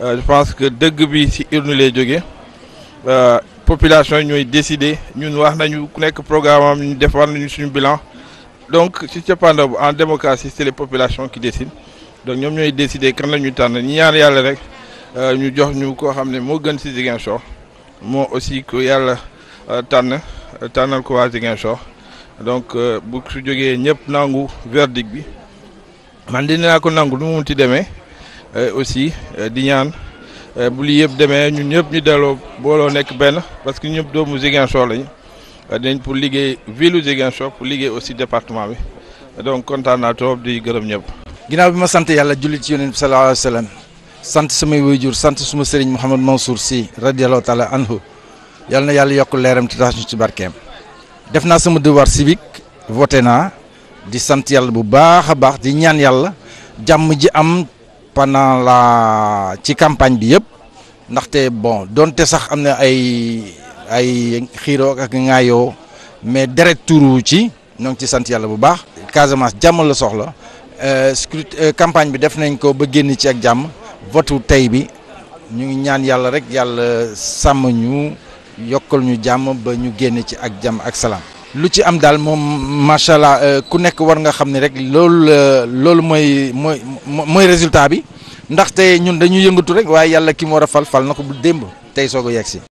Euh, je pense que dëgg bi ci urne lay jóge euh, population yi ñooy décider ñun wax nañu ku nekk programmam am ñu defar nañu suñu bilan donc si cappaandaw bu en démocratie c'est les populations qui décident donc ñoom ñooy décider kan la ñuy tànn ñi ñaan yàlla rek euh, ñu jox ñu koo xam ne moo gën ci Ziguinchor moo aussi ko yàlla tànn tànnal ko waa Ziguinchor donc bu su jógee ñëpp nangu verdict bi man dina naa ko nangu lu mu munti demee. Euh, aussi euh, di ñaan euh, bu lii yëpp demee ñun ñëpp ñu delloo booloo nekk benn parce que ñun ñëpp doomu Ziguinchor lañu dinañ pour liggéey ville Ziguinchor pour liggéey aussi département bi donc kontaan naa trop di gërëm ñëpp. ginnaaw bi ma sant yàlla julli ci yonent bi sallallahu alayhi wa sallam sant samay waajur sant suma sëriñ Mouhamed Mansour si radiyallahu taala anhu yàlla na yàlla yokk leeram te tax ñu ci barkeem def naa sama devoir civique voté naa di sant yàlla bu baax a baax di ñaan yàlla pandant la ci campagne bi yëpp ndaxte bon donte sax am na ay ay xiiroo ak ŋaayoo mais deret tuuru ci ñoo ci sant yàlla bu baax. Casamance jàmm la soxla euh, scrutin euh, campagne bi def nañ ko ba génne ci ak jàmm votu tey bi ñu ngi ñaan yàlla rek yàlla sàmm ñu yokkal ñu jàmm ba ñu génne ci ak jàmm ak salaam. lu ci am daal moom macha allah euh, ku nekk war nga xam ne rek loolu euh, loolu mooy mooy mooy résultat bi ndaxte ñun dañuy yëngatu rek waaye yàlla ki mu war a fal fal na ko bu démb tey soog a yegg si.